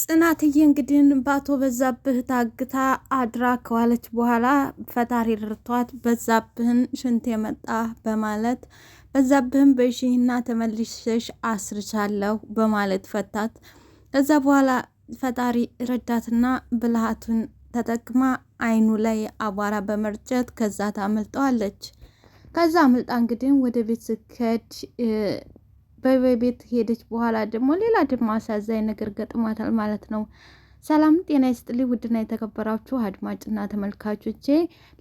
ጽናትዬ እንግዲህ በአቶ በዛብህ ታግታ አድራ ከዋለች በኋላ ፈጣሪ ርቷት በዛብህን ሽንት የመጣ በማለት በዛብህን በሽህና ተመልሸሽ አስርቻለሁ በማለት ፈታት። ከዛ በኋላ ፈጣሪ ረዳትና ብልሃቱን ተጠቅማ አይኑ ላይ አቧራ በመርጨት ከዛ ታመልጠዋለች። ከዛ አምልጣ እንግዲህ ወደ ቤት ስከድ በበይ ቤት ሄደች በኋላ ደግሞ ሌላ ደግሞ አሳዛኝ ነገር ገጥሟታል ማለት ነው። ሰላም ጤና ይስጥልኝ ውድና የተከበራችሁ አድማጭና ተመልካቾቼ፣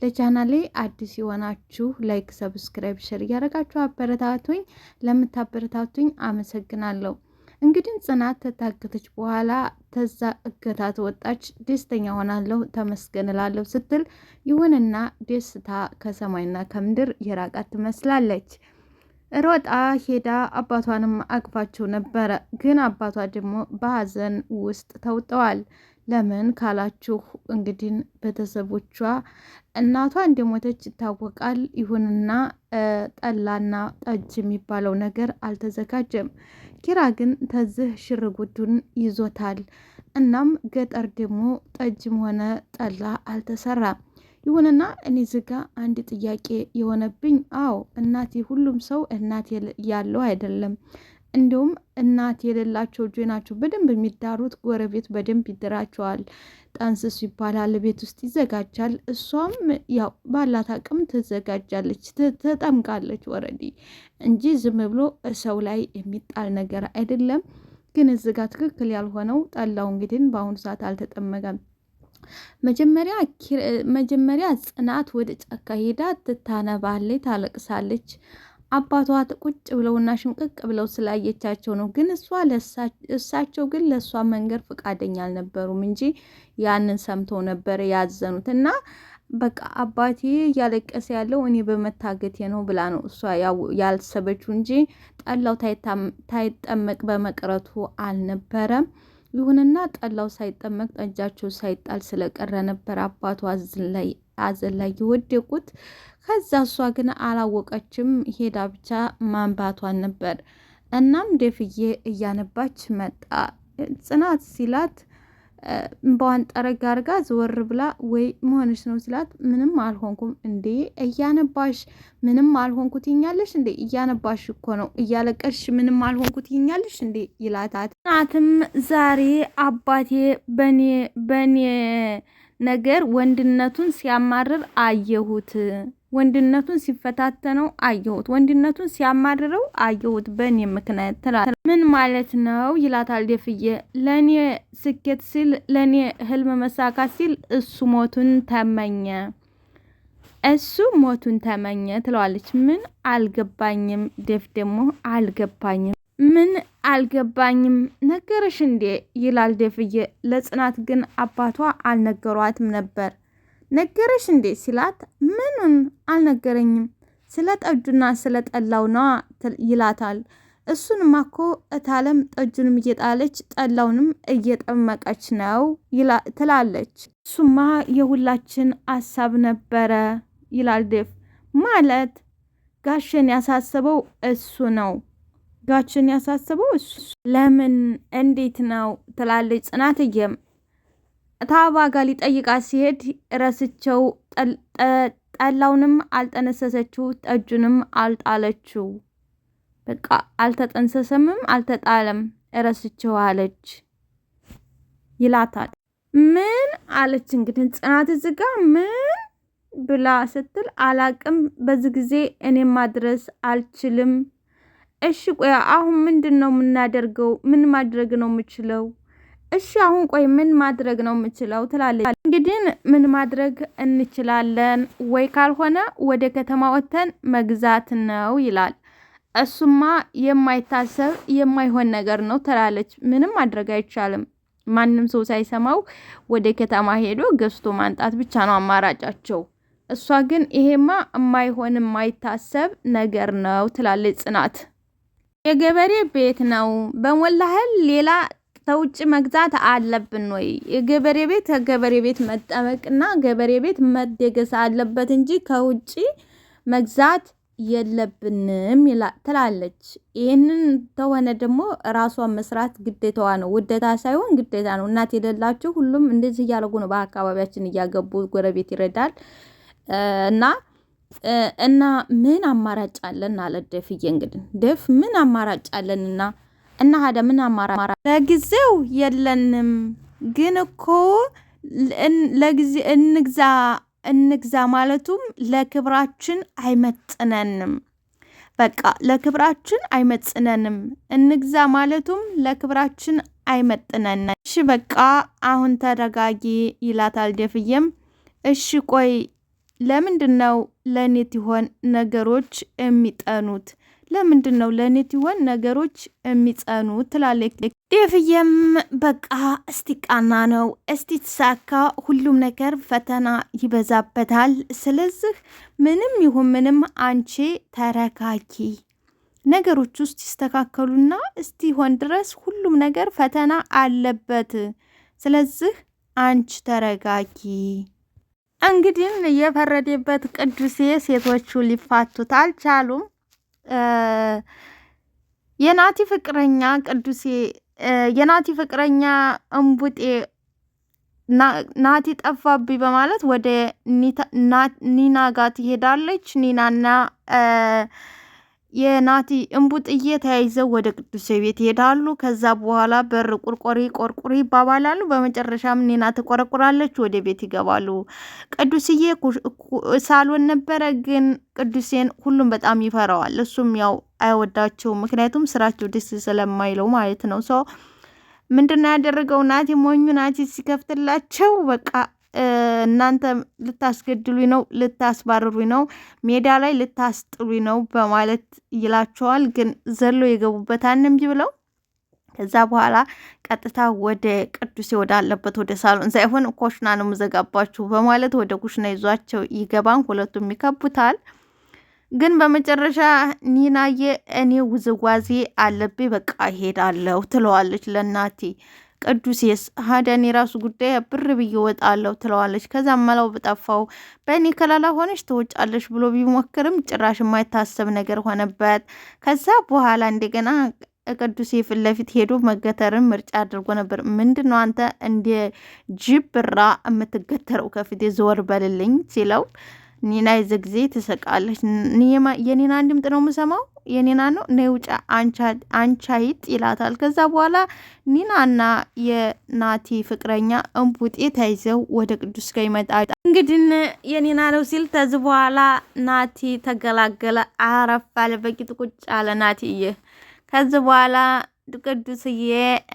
ለቻናሌ አዲስ የሆናችሁ ላይክ፣ ሰብስክራይብ፣ ሸር እያደረጋችሁ አበረታቱኝ። ለምታበረታቱኝ አመሰግናለሁ። እንግዲህ ጽናት ተታገተች በኋላ ተዛ እገታ ተወጣች። ደስተኛ ሆናለሁ ተመስገን እላለሁ ስትል ይሁንና ደስታ ከሰማይና ከምድር የራቃት ትመስላለች። ሮጣ ሄዳ አባቷንም አቅፋቸው ነበረ። ግን አባቷ ደግሞ በሀዘን ውስጥ ተውጠዋል። ለምን ካላችሁ እንግዲህ ቤተሰቦቿ እናቷ እንደሞተች ይታወቃል። ይሁንና ጠላና ጠጅ የሚባለው ነገር አልተዘጋጀም። ኪራ ግን ተዝህ ሽርጉዱን ይዞታል። እናም ገጠር ደግሞ ጠጅም ሆነ ጠላ አልተሰራም። ይሁንና እኔ ዝጋ አንድ ጥያቄ የሆነብኝ፣ አዎ እናቴ ሁሉም ሰው እናት ያለው አይደለም። እንዲሁም እናት የሌላቸው እጆ ናቸው በደንብ የሚዳሩት። ጎረቤት በደንብ ይድራቸዋል። ጠንስሱ ይባላል፣ ቤት ውስጥ ይዘጋጃል። እሷም ያው ባላት አቅም ትዘጋጃለች፣ ትጠምቃለች። ወረዲ እንጂ ዝም ብሎ ሰው ላይ የሚጣል ነገር አይደለም። ግን እዚህ ትክክል ያልሆነው ጠላው እንግዲህ በአሁኑ ሰዓት አልተጠመቀም። መጀመሪያ መጀመሪያ ጽናት ወደ ጫካ ሄዳ ትታነባለች፣ ታለቅሳለች። አባቷ ቁጭ ብለውና ሽምቅቅ ብለው ስላየቻቸው ነው። ግን እሷ እሳቸው ግን ለእሷ መንገድ ፈቃደኛ አልነበሩም እንጂ ያንን ሰምተው ነበር ያዘኑት እና በቃ አባቴ እያለቀሰ ያለው እኔ በመታገቴ ነው ብላ ነው እሷ ያልሰበችው እንጂ ጠላው ታይጠመቅ በመቅረቱ አልነበረም። ይሁንና ጠላው ሳይጠመቅ ጠጃቸው ሳይጣል ስለቀረ ነበር አባቱ አዘን ላይ የወደቁት። ከዛ እሷ ግን አላወቀችም፣ ሄዳ ብቻ ማንባቷን ነበር። እናም ደፍዬ እያነባች መጣ ጽናት ሲላት እንባዋን ጠረግ አርጋ ዘወር ብላ ወይ መሆንሽ ነው ስላት፣ ምንም አልሆንኩም እንዴ እያነባሽ ምንም አልሆንኩ ትኛለሽ እንዴ እያነባሽ እኮ ነው እያለቀሽ ምንም አልሆንኩ ትኛለሽ እንዴ ይላታት። ጽናትም ዛሬ አባቴ በኔ በኔ ነገር ወንድነቱን ሲያማርር አየሁት፣ ወንድነቱን ሲፈታተነው አየሁት፣ ወንድነቱን ሲያማርረው አየሁት በእኔ ምክንያት ምን ማለት ነው ይላታል ዴፍዬ። ለእኔ ስኬት ሲል ለእኔ ህልም መሳካት ሲል እሱ ሞቱን ተመኘ እሱ ሞቱን ተመኘ ትለዋለች። ምን አልገባኝም። ደፍ ደግሞ አልገባኝም፣ ምን አልገባኝም ነገረሽ እንዴ ይላል ዴፍዬ። ለጽናት ግን አባቷ አልነገሯትም ነበር። ነገረሽ እንዴ ሲላት ምኑን አልነገረኝም፣ ስለ ጠጁና ስለ ጠላው ነዋ ይላታል። እሱንማ እኮ እታለም ጠጁንም እየጣለች ጠላውንም እየጠመቀች ነው ትላለች። እሱማ የሁላችን አሳብ ነበረ ይላል ዴፍ። ማለት ጋሽን ያሳስበው እሱ ነው ጋችን ያሳስበው እሱ ለምን እንዴት ነው ትላለች ጽናትዬም እታባ ጋር ሊጠይቃ ሲሄድ ረስቸው ጠላውንም አልጠነሰሰችው ጠጁንም አልጣለችው በቃ አልተጠንሰሰምም፣ አልተጣለም፣ አለች ይላታል። ምን አለች እንግዲህ ጽናት እዚጋ ምን ብላ ስትል አላቅም፣ በዚህ ጊዜ እኔ ማድረስ አልችልም። እሺ ቆይ አሁን ምንድን ነው የምናደርገው? ምን ማድረግ ነው የምችለው? እሺ አሁን ቆይ ምን ማድረግ ነው የምችለው ትላለች። እንግዲህ ምን ማድረግ እንችላለን ወይ ካልሆነ ወደ ከተማ ወጥተን መግዛት ነው ይላል። እሱማ የማይታሰብ የማይሆን ነገር ነው ትላለች። ምንም ማድረግ አይቻልም። ማንም ሰው ሳይሰማው ወደ ከተማ ሄዶ ገዝቶ ማንጣት ብቻ ነው አማራጫቸው። እሷ ግን ይሄማ የማይሆን የማይታሰብ ነገር ነው ትላለች ጽናት። የገበሬ ቤት ነው በሞላህል ሌላ ከውጭ መግዛት አለብን ወይ? የገበሬ ቤት ከገበሬ ቤት መጠበቅና ገበሬ ቤት መደገስ አለበት እንጂ ከውጭ መግዛት የለብንም ትላለች። ይህንን ተሆነ ደግሞ ራሷን መስራት ግዴታዋ ነው፣ ውደታ ሳይሆን ግዴታ ነው። እናት የሌላቸው ሁሉም እንደዚህ እያደረጉ ነው፣ በአካባቢያችን እያገቡ ጎረቤት ይረዳል እና እና ምን አማራጭ አለን አለ ደፍዬ። እንግዲህ ደፍ ምን አማራጭ አለን እና እና ሀደ ምን አማራ ለጊዜው የለንም፣ ግን እኮ ለጊዜ እንግዛ እንግዛ ማለቱም ለክብራችን አይመጥነንም። በቃ ለክብራችን አይመጥነንም። እንግዛ ማለቱም ለክብራችን አይመጥነን። እሺ በቃ አሁን ተረጋጊ ይላታል ዴፍዬም። እሺ ቆይ ለምንድን ነው ለእኔ ይሆን ነገሮች የሚጠኑት? ለምንድን ነው ለእኔት ነገሮች የሚጸኑ ትላለች። ዴቭዬም በቃ እስቲ ቃና ነው እስቲ ትሳካ፣ ሁሉም ነገር ፈተና ይበዛበታል። ስለዚህ ምንም ይሁን ምንም አንቺ ተረካኪ፣ ነገሮች ውስጥ ይስተካከሉና እስቲሆን ድረስ ሁሉም ነገር ፈተና አለበት። ስለዚህ አንቺ ተረጋጊ። እንግዲህ የፈረደበት ቅዱሴ ሴቶቹ ሊፋቱት አልቻሉም። የናቲ ፍቅረኛ ቅዱሴ የናቲ ፍቅረኛ እምቡጤ ናቲ ጠፋብኝ በማለት ወደ ኒና ጋር ትሄዳለች። ኒናና የናቲ እንቡጥዬ ተያይዘው ወደ ቅዱስ ቤት ይሄዳሉ። ከዛ በኋላ በር ቁርቆሪ ቆርቁሪ ይባባላሉ። በመጨረሻም ኒና ትቆረቁራለች፣ ወደ ቤት ይገባሉ። ቅዱስዬ ሳሎን ነበረ፣ ግን ቅዱሴን ሁሉም በጣም ይፈራዋል። እሱም ያው አይወዳቸውም፣ ምክንያቱም ስራቸው ደስ ስለማይለው ማለት ነው። ሰው ምንድነው ያደረገው? ናቲ ሞኙ ናቲ ሲከፍትላቸው በቃ እናንተ ልታስገድሉኝ ነው፣ ልታስባርሩኝ ነው፣ ሜዳ ላይ ልታስጥሉኝ ነው በማለት ይላቸዋል። ግን ዘሎ የገቡበት አንምቢ ብለው ከዛ በኋላ ቀጥታ ወደ ቅዱሴ ወዳለበት ወደ ሳሎን ሳይሆን ኮሽና ነው የምዘጋባችሁ በማለት ወደ ኩሽና ይዟቸው ይገባን። ሁለቱም ይከቡታል። ግን በመጨረሻ ኒናዬ እኔ ውዝዋዜ አለብኝ በቃ እሄዳለሁ ትለዋለች ለእናቴ። ቅዱሴስ ሀደን የራሱ ጉዳይ ብር ብዬ እወጣለሁ ትለዋለች። ከዛ መላው በጠፋው በእኔ ከላላ ሆነች ትወጫለች ብሎ ቢሞክርም ጭራሽ የማይታሰብ ነገር ሆነበት። ከዛ በኋላ እንደገና ቅዱሴ ፊት ለፊት ሄዶ መገተርን ምርጫ አድርጎ ነበር። ምንድን ነው አንተ እንደ ጅብራ የምትገተረው? ከፊት ዘወር በልልኝ ሲለው ኒና የዘ ጊዜ ትስቃለች። የኔና ድምጥ ነው የምሰማው፣ የኒና ነው ነውጫ አንቻይጥ ይላታል። ከዛ በኋላ ኒናና የናቲ ፍቅረኛ እንቡጤ ተይዘው ወደ ቅዱስ ጋ ይመጣል። እንግዲህ የኒና ነው ሲል ተዝ በኋላ ናቲ ተገላገለ። አረፍ አለ፣ በቂጥ ቁጭ አለ ናቲዬ። ከዚ በኋላ ቅዱስዬ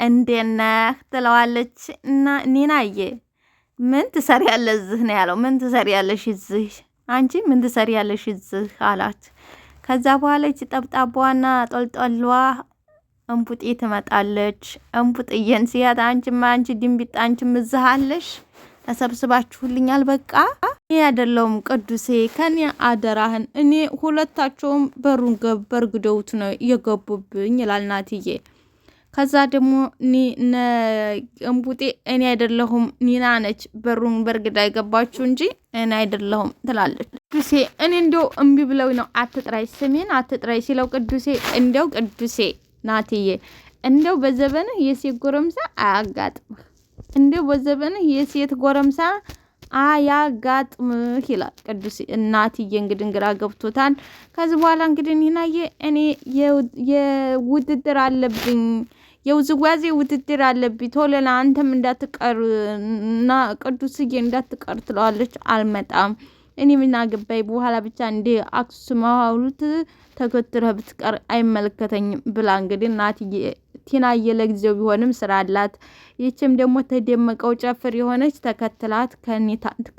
እንዴት ነህ ትለዋለች እና ኒናዬ ምን ትሰሪያለሽ እዚህ ነው ያለው። ምን ትሰሪያለሽ እዚህ አንቺ ምን ትሰሪ ያለሽ እዚህ አላት። ከዛ በኋላ ይቺ ጠብጣቧና ጦልጦሏ እንቡጤ ትመጣለች። እንቡጥዬን ሲያት አንቺማ አንቺ ድንቢጥ አንቺም እዚህ አለሽ ተሰብስባችሁልኛል። በቃ እኔ አይደለሁም ቅዱሴ፣ ከኔ አደራህን። እኔ ሁለታቸውም በሩን በርግደውት ነው የገቡብኝ ይላል ናትዬ ከዛ ደግሞ እምቡጤ እኔ አይደለሁም ኒና ነች በሩን በርግዳ ይገባችሁ እንጂ እኔ አይደለሁም ትላለች። ቅዱሴ እኔ እንዲያው እምቢ ብለው ነው አትጥራይ፣ ስሜን አትጥራይ ሲለው ቅዱሴ እንደው ቅዱሴ ናትዬ እንደው በዘበን የሴት ጎረምሳ አያጋጥምህ፣ እንደው በዘበን የሴት ጎረምሳ አያጋጥምህ ይላል ቅዱሴ። እናትዬ እንግዲህ እንግራ ገብቶታል። ከዚህ በኋላ እንግዲህ ኒናዬ እኔ የውድድር አለብኝ የውዝዋዜ ውድድር አለብኝ ቶሎ ና አንተም እንዳትቀር እና ቅዱስዬ እንዳትቀር ትለዋለች። አልመጣም እኔ ምን አገባኝ በኋላ ብቻ እንደ አክሱም ሐውልት ተጎትረህ ብትቀር አይመለከተኝም ብላ እንግዲህ እናትዬ ቲናዬ ለጊዜው ቢሆንም ስራ አላት። ይችም ደግሞ ተደመቀው ጨፍር የሆነች ተከትላት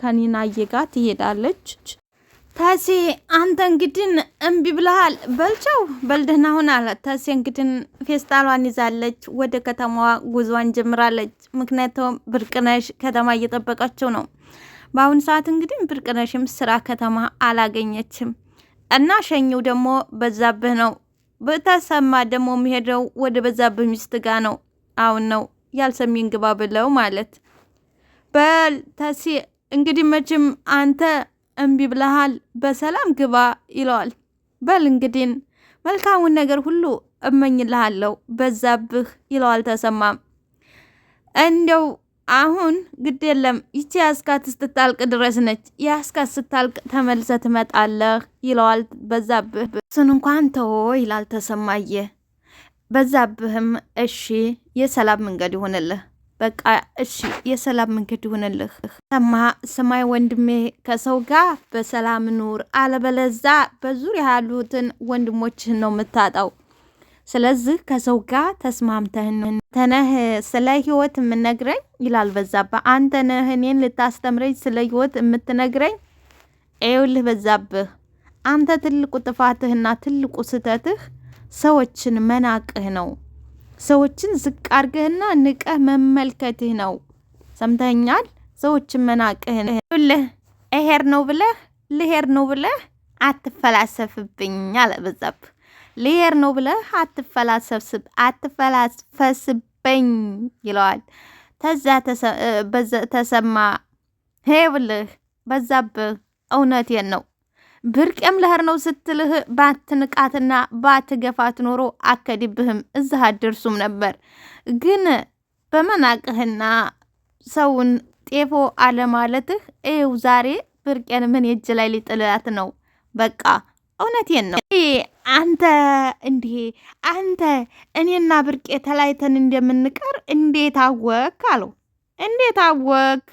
ከኒናዬ ጋር ትሄዳለች። ታሴ አንተ እንግድን እምቢ ብለሃል። በልቸው በልደህና ሁን አለ። ታሴ እንግድን ፌስታሏን ይዛለች ወደ ከተማዋ ጉዞዋን ጀምራለች። ምክንያቱም ብርቅነሽ ከተማ እየጠበቃቸው ነው። በአሁኑ ሰዓት እንግዲህ ብርቅነሽም ስራ ከተማ አላገኘችም እና ሸኘው ደግሞ በዛብህ ነው። በተሰማ ደግሞ የሚሄደው ወደ በዛብህ ሚስት ጋ ነው። አሁን ነው ያልሰሚን ግባ ብለው ማለት በል ታሴ እንግዲህ መቼም አንተ እምቢ ብለሃል፣ በሰላም ግባ ይለዋል። በል እንግዲን መልካሙን ነገር ሁሉ እመኝልሃለሁ በዛብህ ይለዋል። ተሰማም እንደው አሁን ግድ የለም ይቺ ያስካት ስትታልቅ ድረስ ነች። ያስካት ስታልቅ ተመልሰ ትመጣለህ ይለዋል በዛብህ። ስን እንኳን ተወ ይላል ተሰማየ። በዛብህም እሺ የሰላም መንገድ ይሆንልህ በቃ እሺ፣ የሰላም መንገድ ይሆንልህ። ሰማ ሰማይ ወንድሜ፣ ከሰው ጋር በሰላም ኑር፣ አለበለዛ በዙሪያ ያሉትን ወንድሞችህን ነው የምታጣው። ስለዚህ ከሰው ጋር ተስማምተህን ተነህ ስለ ህይወት የምነግረኝ ይላል በዛብህ። አንተ ነህ እኔን ልታስተምረኝ ስለ ህይወት የምትነግረኝ። ይኸውልህ በዛብህ፣ አንተ ትልቁ ጥፋትህና ትልቁ ስህተትህ ሰዎችን መናቅህ ነው። ሰዎችን ዝቅ አርገህና ንቀህ መመልከትህ ነው። ሰምተኛል። ሰዎችን መናቅህ ልህ እሄድ ነው ብለህ ልሄር ነው ብለህ አትፈላሰፍብኝ አለ በዛብ። ልሄር ነው ብለህ አትፈላሰፍስብ አትፈላስፈስበኝ ይለዋል። ተዛ ተሰማ ሄ ብልህ በዛብህ፣ እውነቴን ነው ብርቄም ለህር ነው ስትልህ ባትንቃትና ባትገፋት ኖሮ አከዲብህም እዚህ አደርሱም ነበር። ግን በመናቅህና ሰውን ጤፎ አለማለትህ ይኸው ዛሬ ብርቄን ምን የእጅ ላይ ሊጥልላት ነው? በቃ እውነቴን ነው። አንተ እንዲህ አንተ እኔና ብርቄ ተላይተን እንደምንቀር እንዴት አወክ አለው። እንዴት አወክ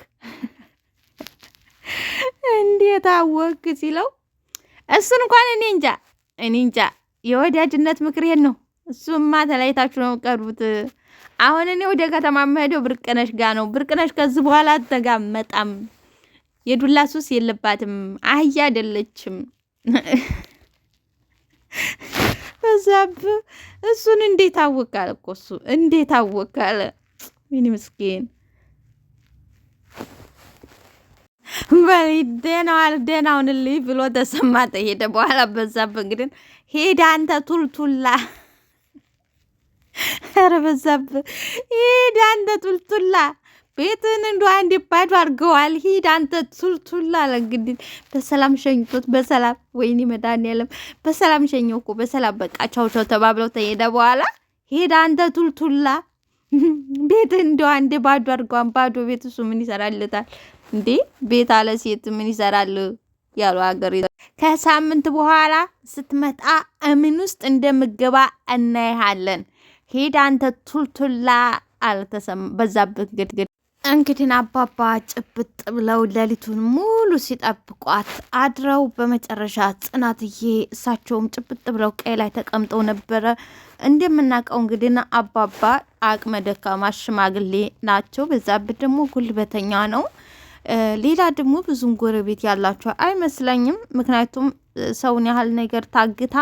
እንዴት አወክ ሲለው እሱን እንኳን እኔ እንጃ እኔ እንጃ። የወዳጅነት ምክሬን ነው። እሱማ ተለያይታችሁ ነው ቀርቡት። አሁን እኔ ወደ ከተማ የምሄደው ብርቅነሽ ጋ ነው። ብርቅነሽ ከዚህ በኋላ ተጋ መጣም የዱላ ሱስ የለባትም። አህያ አይደለችም። በዛብ እሱን እንዴት አወቃል እኮ እሱ እንዴት አወቃል? ምን ምስኪን በደናዋል ደናውን ልይ ብሎ ተሰማ ተሄደ በኋላ በዛብህ እንግዲህ ሄደ። አንተ ቱልቱላ ኧረ በዛብህ ሄደ። አንተ ቱልቱላ ቤትን እንዶ አንድ ባዶ አድርገዋል። ሂድ አንተ ቱልቱላ አለ እንግዲህ። በሰላም ሸኝቶት በሰላም ወይኔ መድኃኒዓለም በሰላም ሸኘው እኮ በሰላም በቃ ቻው ቻው ተባብለው ተሄደ በኋላ ሄደ። አንተ ቱልቱላ ቤትን እንዶ አንድ ባዶ አድርገዋል። ባዶ ቤት እሱ ምን ይሰራልታል? እንዴ ቤት አለ ሴት ምን ይሰራል ያሉ ሀገር ከሳምንት በኋላ ስትመጣ እምን ውስጥ እንደምገባ እናይሃለን። ሄድ አንተ ቱልቱላ አልተሰማ በዛብህ ግድግድ። እንግዲህ አባባ ጭብጥ ብለው ሌሊቱን ሙሉ ሲጠብቋት አድረው በመጨረሻ ጽናትዬ እሳቸውም ጭብጥ ብለው ቀይ ላይ ተቀምጠው ነበረ። እንደምናውቀው እንግዲህ አባባ አቅመ ደካማ ሽማግሌ ናቸው። በዛብህ ደግሞ ጉልበተኛ ነው። ሌላ ደግሞ ብዙም ጎረቤት ያላቸው አይመስለኝም። ምክንያቱም ሰውን ያህል ነገር ታግታ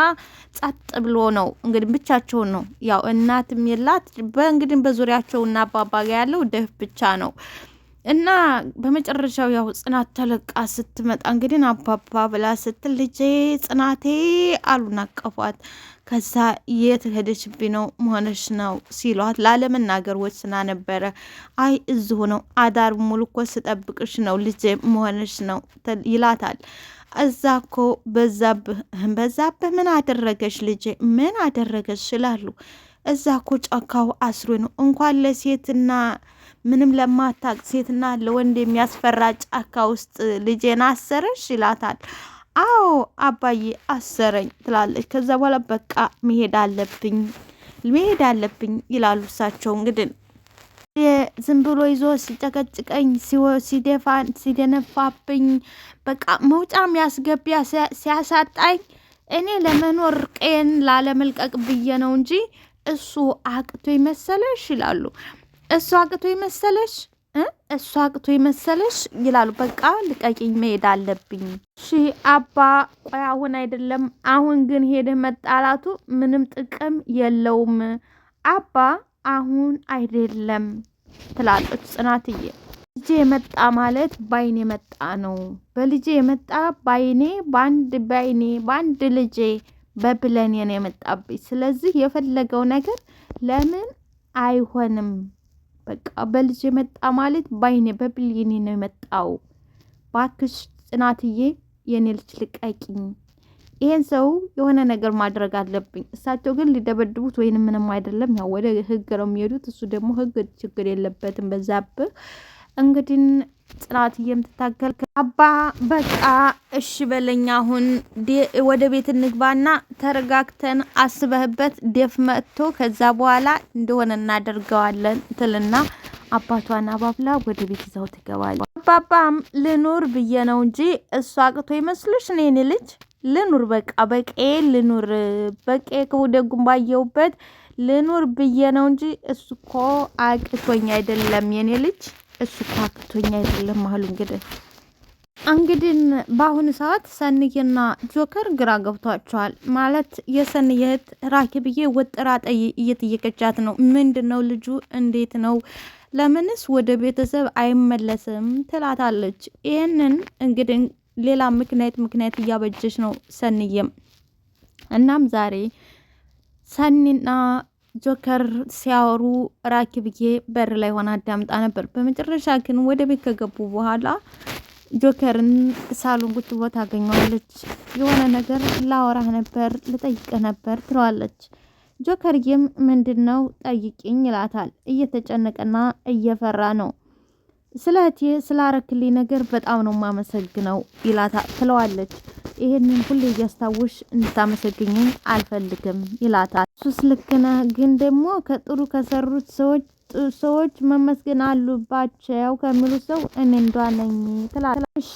ጸጥ ብሎ ነው እንግዲህ ብቻቸውን ነው። ያው እናትም የላት በእንግዲህ በዙሪያቸው እና አባባ ጋ ያለው ደህ ብቻ ነው እና በመጨረሻው ያው ጽናት ተለቃ ስትመጣ እንግዲህ አባባ ብላ ስትል ልጄ ጽናቴ አሉን አቀፏት። ከዛ የት ሄደችብኝ ነው መሆንሽ ነው ሲሏት ላለመናገር ወስና ነበረ። አይ እዚሁ ነው አዳር ሙሉ እኮ ስጠብቅሽ ነው ልጄ መሆንሽ ነው ይላታል። እዛ እኮ በዛብህ በዛብህ ምን አደረገሽ ልጄ ምን አደረገሽ ይላሉ። እዛ እኮ ጫካው አስሮ ነው እንኳን ለሴትና ምንም ለማታቅ ሴትና ለወንድ የሚያስፈራ ጫካ ውስጥ ልጄን አሰረሽ ይላታል። አዎ አባዬ አሰረኝ ትላለች። ከዛ በኋላ በቃ መሄድ አለብኝ መሄድ አለብኝ ይላሉ። እሳቸው እንግዲህ ዝም ብሎ ይዞ ሲጨቀጭቀኝ ሲደነፋብኝ በቃ መውጫ የሚያስገቢያ ሲያሳጣኝ እኔ ለመኖር ቀን ላለመልቀቅ ብዬ ነው እንጂ እሱ አቅቶ ይመሰለሽ ይላሉ። እሱ አቅቶ ይመሰለሽ እሷ አቅቶ ይመሰለሽ ይላሉ። በቃ ልቀቂኝ፣ መሄድ አለብኝ። እሺ አባ፣ ቆይ አሁን አይደለም። አሁን ግን ሄደህ መጣላቱ ምንም ጥቅም የለውም አባ፣ አሁን አይደለም ትላለች ጽናትዬ። ልጄ የመጣ ማለት ባይኔ የመጣ ነው። በልጄ የመጣ ባይኔ፣ በአንድ ባይኔ፣ በአንድ ልጄ በብለኔ ነው የመጣብኝ። ስለዚህ የፈለገው ነገር ለምን አይሆንም በቃ በልጅ የመጣ ማለት ባይኔ በብሌኔ ነው የመጣው። ባክሽ ጽናትዬ የኔ ልጅ ልቀቂኝ፣ ይሄን ሰው የሆነ ነገር ማድረግ አለብኝ። እሳቸው ግን ሊደበድቡት ወይንም ምንም አይደለም፣ ያው ወደ ህግ ነው የሚሄዱት። እሱ ደግሞ ህግ ችግር የለበትም በዛብህ እንግዲህ ጽናት የምትታገል አባ በቃ እሺ በለኝ፣ አሁን ወደ ቤት እንግባና ተረጋግተን አስበህበት ደፍ መጥቶ ከዛ በኋላ እንደሆነ እናደርገዋለን ትልና አባቷን አባብላ ወደ ቤት ይዛው ትገባለች። አባባም ልኑር ብዬ ነው እንጂ እሱ አቅቶ ይመስልሽ? እኔን ልጅ ልኑር በቃ በቄ ልኑር በቄ ከወደጉም ባየሁበት ልኑር ብዬ ነው እንጂ እሱ እኮ አቅቶኝ አይደለም የኔ ልጅ እሱ ካክቶኛ አይደለም አሉ። እንግዲህ እንግዲህ በአሁኑ ሰዓት ሰንዬና ጆከር ግራ ገብቷቸዋል። ማለት የሰንዬ እህት ራኪብዬ ወጥራ ጠይ እየጠየቀቻት ነው። ምንድን ነው ልጁ እንዴት ነው ለምንስ ወደ ቤተሰብ አይመለስም ትላታለች። ይህንን እንግዲህ ሌላ ምክንያት ምክንያት እያበጀች ነው ሰንዬም። እናም ዛሬ ሰኒና ጆከር ሲያወሩ ራኪ ብዬ በር ላይ ሆና አዳምጣ ነበር። በመጨረሻ ግን ወደ ቤት ከገቡ በኋላ ጆከርን ሳሎን ቁጭ ብሎ ታገኘዋለች። የሆነ ነገር ላወራህ ነበር፣ ልጠይቅህ ነበር ትለዋለች። ጆከርዬም ምንድን ነው ጠይቅኝ ይላታል። እየተጨነቀና እየፈራ ነው። ስለ እህቴ ስላረክልኝ ነገር በጣም ነው ማመሰግነው ይላታ ትለዋለች። ይሄንን ሁሌ እያስታወሽ እንድታመሰግኝም አልፈልግም ይላታል። እሱስ ልክ ነህ፣ ግን ደግሞ ከጥሩ ከሰሩት ሰዎች ሰዎች መመስገን አሉባቸው ከሚሉ ሰው እኔ እንዷ ነኝ ትላለች።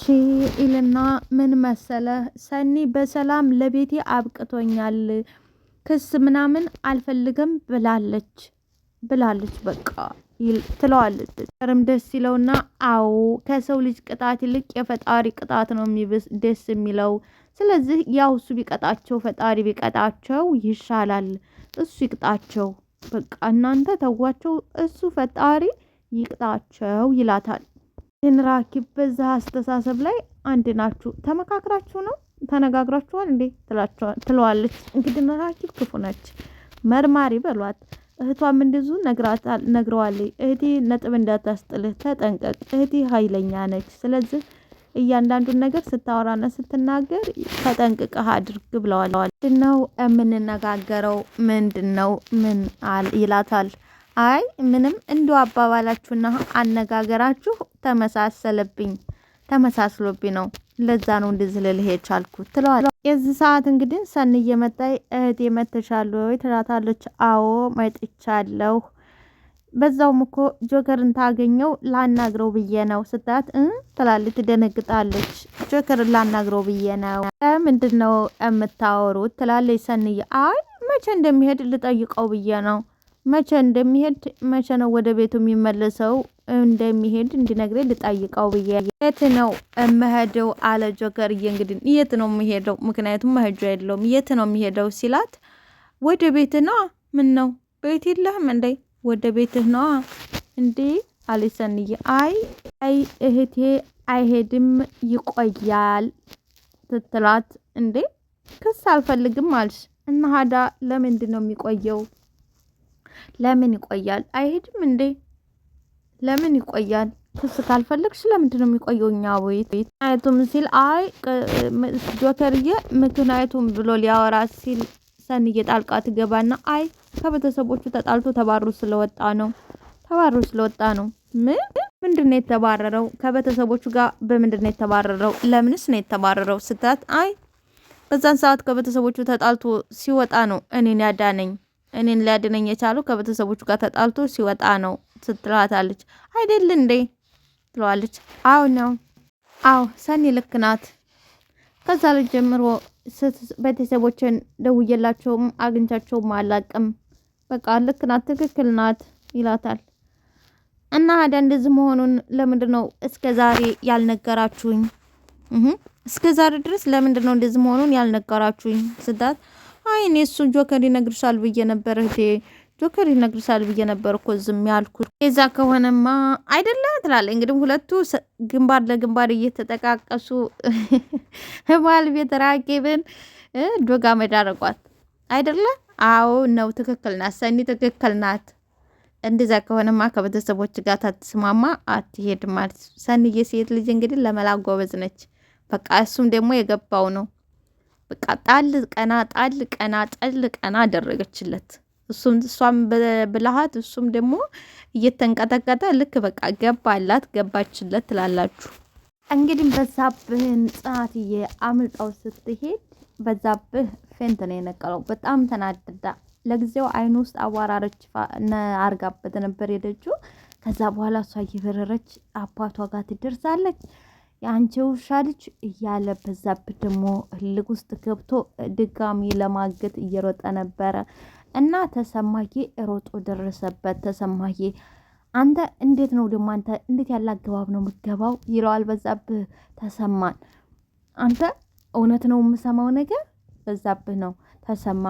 ኢልና ምን መሰለ ሰኒ በሰላም ለቤቴ አብቅቶኛል ክስ ምናምን አልፈልግም ብላለች ብላለች በቃ ትለዋለች። ቸርም ደስ ይለውና አዎ ከሰው ልጅ ቅጣት ይልቅ የፈጣሪ ቅጣት ነው የሚብስ ደስ የሚለው። ስለዚህ ያው እሱ ቢቀጣቸው ፈጣሪ ቢቀጣቸው ይሻላል። እሱ ይቅጣቸው በቃ እናንተ ተዋቸው፣ እሱ ፈጣሪ ይቅጣቸው ይላታል። ግን ራኪብ በዛ አስተሳሰብ ላይ አንድ ናችሁ፣ ተመካክራችሁ ነው ተነጋግራችኋል እንዴ ትለዋለች። እንግዲህ ራኪብ ክፉ ነች፣ መርማሪ በሏት። እህቷም እንደዚሁ ነግረዋል። እህቴ ነጥብ እንዳታስጥልህ ተጠንቀቅ፣ እህቴ ኃይለኛ ነች። ስለዚህ እያንዳንዱን ነገር ስታወራና ስትናገር ተጠንቅቀህ አድርግ ብለዋል። ምንድን ነው የምንነጋገረው? ምንድን ነው ምን ይላታል። አይ ምንም እንዲ አባባላችሁና አነጋገራችሁ ተመሳሰለብኝ፣ ተመሳስሎብኝ ነው ለዛ ነው እንደዚህ ልልህ የቻልኩት ትለዋለች። የዚህ ሰዓት እንግዲህ ሰን እየመጣይ እህቴ መተሻለ ወይ ትላታለች። አዎ መጥቻለሁ፣ በዛውም እኮ ጆከርን ታገኘው ላናግረው ብዬ ነው ስታት ትላለች። ትደነግጣለች። ጆከርን ላናግረው ብዬ ነው። ምንድን ነው የምታወሩት ትላለች ሰንዬ። አይ መቼ እንደሚሄድ ልጠይቀው ብዬ ነው። መቼ እንደሚሄድ መቼ ነው ወደ ቤቱ የሚመለሰው እንደሚሄድ እንዲነግረኝ ልጠይቀው ብዬ የት ነው የምሄደው አለ ጆከርዬ። እንግዲህ የት ነው የምሄደው? ምክንያቱም መሄጃ የለውም። የት ነው የምሄደው ሲላት ወደ ቤት ነዋ። ምን ነው ቤት የለህም እንዴ? ወደ ቤትህ ነዋ እንዴ አለች አይ አይ እህቴ አይሄድም ይቆያል ትትላት እንዴ ክስ አልፈልግም አልሽ እና ሀዳ ለምንድን ነው የሚቆየው? ለምን ይቆያል? አይሄድም እንዴ ለምን ይቆያል? ክስ ካልፈለግሽ ለምንድን ነው የሚቆየው? እኛ ቤት ምክንያቱም ሲል አይ ጆከርዬ ምክንያቱም ብሎ ሊያወራ ሲል ሰንዬ ጣልቃ ትገባና አይ ከቤተሰቦቹ ተጣልቶ ተባሮ ስለወጣ ነው ተባሮ ስለወጣ ነው። ምን ምንድን ነው የተባረረው? ከቤተሰቦቹ ጋር በምንድን ነው የተባረረው? ለምንስ ነው የተባረረው? ስትላት አይ በዛን ሰዓት ከቤተሰቦቹ ተጣልቶ ሲወጣ ነው እኔን ያዳነኝ እኔን ሊያድነኝ የቻሉ ከቤተሰቦቹ ጋር ተጣልቶ ሲወጣ ነው ስትላታለች። አይደል እንዴ ትለዋለች። አዎ ነው አዎ፣ ሰኒ ልክ ናት። ከዛ ልጅ ጀምሮ ቤተሰቦችን ደውዬላቸውም አግኝቻቸውም አላቅም። በቃ ልክ ናት፣ ትክክል ናት ይላታል። እና ታዲያ እንደዚህ መሆኑን ለምንድን ነው እስከ ዛሬ ያልነገራችሁኝ? እስከ ዛሬ ድረስ ለምንድን ነው እንደዚህ መሆኑን ያልነገራችሁኝ ስዳት አይ እኔ እሱ ጆከር ይነግርሻል ብዬ ነበር እህቴ፣ ጆከር ይነግርሻል ብዬ ነበር እኮ ዝም ያልኩት። የዛ ከሆነማ አይደለ ትላለች። እንግዲህ ሁለቱ ግንባር ለግንባር እየተጠቃቀሱ ባል ቤት ራኬብን ዶጋ መዳረቋት አይደለ? አዎ ነው፣ ትክክል ናት ሰኒ፣ ትክክል ናት። እንደዛ ከሆነማ ከቤተሰቦች ጋር ታትስማማ አትሄድ ማለት ሰኒ። የሴት ልጅ እንግዲህ ለመላ ጎበዝ ነች። በቃ እሱም ደግሞ የገባው ነው። በቃ ጣል ቀና ጣል ቀና ጠል ቀና አደረገችለት። እሱም እሷም ብልሃት እሱም ደግሞ እየተንቀጠቀጠ ልክ በቃ ገባላት ገባችለት ትላላችሁ። እንግዲህ በዛብህን ጽናትዬ አምልጣው ስትሄድ በዛብህ ፌንት ነው የነቀለው። በጣም ተናደዳ። ለጊዜው አይኑ ውስጥ አዋራረች አርጋበት ነበር የደጁ። ከዛ በኋላ እሷ እየበረረች አባቷ ጋር ትደርሳለች። የአንቺ ውሻ ልጅ እያለ በዛብህ ደግሞ እልህ ውስጥ ገብቶ ድጋሚ ለማገት እየሮጠ ነበረ እና ተሰማዬ ሮጦ ደረሰበት። ተሰማዬ አንተ እንዴት ነው ደግሞ አንተ እንዴት ያለ አገባብ ነው የምትገባው? ይለዋል በዛብህ ተሰማን። አንተ እውነት ነው የምሰማው ነገር በዛብህ ነው ተሰማ።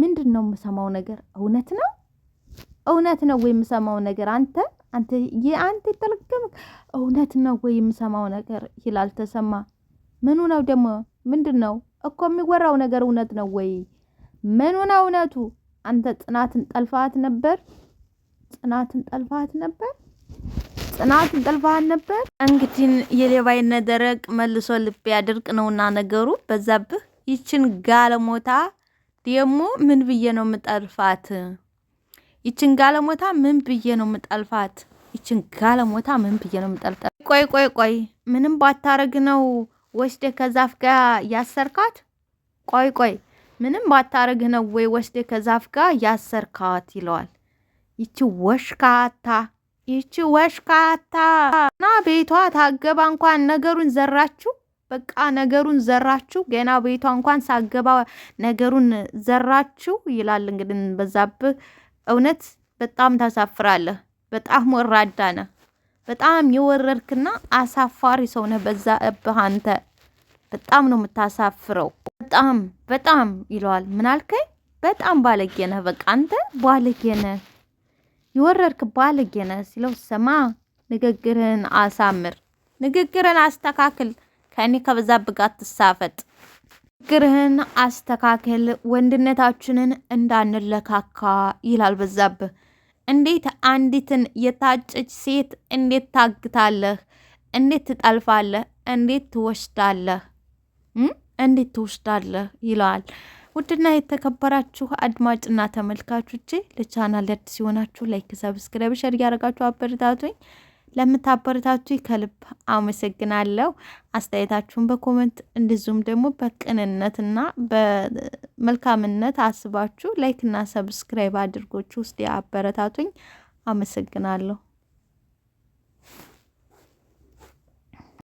ምንድን ነው የምሰማው ነገር? እውነት ነው እውነት ነው ወይ የምሰማው ነገር አንተ አንተ የአንተ ጥልቅም እውነት ነው ወይ የምሰማው ነገር ይላል ተሰማ። ምኑ ነው ደግሞ ምንድን ነው እኮ የሚወራው ነገር እውነት ነው ወይ? ምኑ ነው እውነቱ? አንተ ጽናትን ጠልፋት ነበር፣ ጽናትን ጠልፋት ነበር፣ ጽናትን ጠልፋት ነበር። እንግዲህ የሌባይነ ደረቅ መልሶ ልብ ያድርቅ ነውና ነገሩ በዛብህ። ይችን ጋለሞታ ደግሞ ምን ብዬ ነው የምጠልፋት? ይችን ጋለሞታ ምን ብዬ ነው የምጠልፋት? ይችን ጋለሞታ ምን ብዬ ነው የምጠልጠል? ቆይ ቆይ ቆይ፣ ምንም ባታረግ ነው ወስደ ከዛፍ ጋር ያሰርካት? ቆይ ቆይ፣ ምንም ባታረግ ነው ወይ ወስደ ከዛፍ ጋር ያሰርካት ይለዋል። ይቺ ወሽካታ ይቺ ወሽካታ እና ቤቷ ታገባ እንኳን ነገሩን ዘራችሁ። በቃ ነገሩን ዘራችሁ። ገና ቤቷ እንኳን ሳገባ ነገሩን ዘራችሁ ይላል። እንግዲህ በዛብህ እውነት በጣም ታሳፍራለህ። በጣም ወራዳ ነህ። በጣም የወረርክና አሳፋሪ ሰው ነህ። እብህ አንተ በጣም ነው የምታሳፍረው። በጣም በጣም ይለዋል። ምን አልከኝ? በጣም ባለጌ ነህ። በቃ አንተ ባለጌ ነህ፣ የወረርክ ባለጌ ነህ ሲለው ስማ፣ ንግግርህን አሳምር፣ ንግግርህን አስተካክል፣ ከእኔ ከበዛብህ ጋር ትሳፈጥ ችግርህን አስተካከል ወንድነታችንን እንዳንለካካ ይላል በዛብህ። እንዴት አንዲትን የታጨች ሴት እንዴት ታግታለህ? እንዴት ትጠልፋለህ? እንዴት ትወስዳለህ? እንዴት ትወስዳለህ ይለዋል። ውድና የተከበራችሁ አድማጭና ተመልካቾቼ ለቻናል አዲስ ሲሆናችሁ ላይክ፣ ሰብስክራይብ፣ ሸር እያደረጋችሁ አበረታቱኝ። ለምታበረታቱ ከልብ አመሰግናለሁ። አስተያየታችሁን በኮመንት እንደዚሁም ደግሞ በቅንነትና በመልካምነት አስባችሁ ላይክና ሰብስክራይብ አድርጎች ውስጥ የአበረታቱኝ። አመሰግናለሁ።